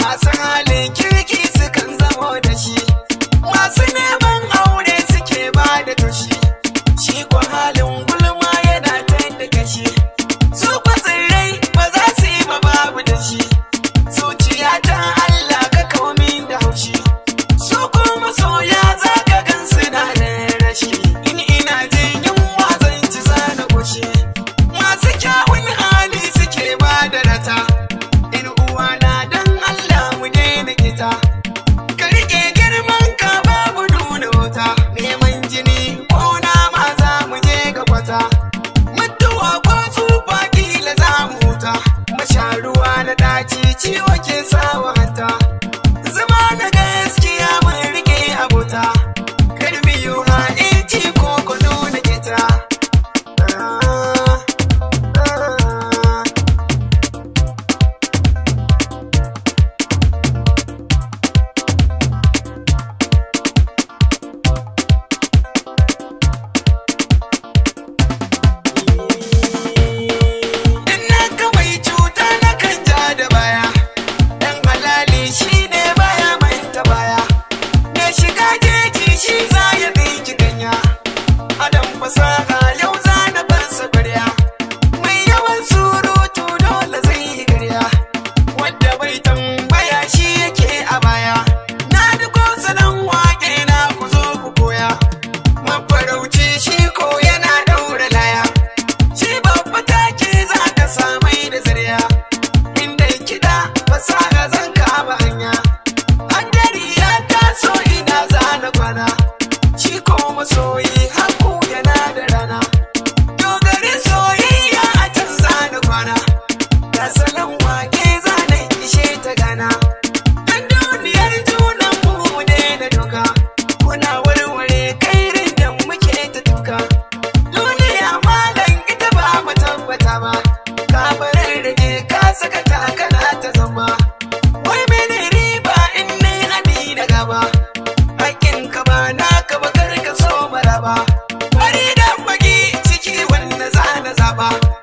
Mas é ciwo ke sawa fari da baki ciki wanda za na zaba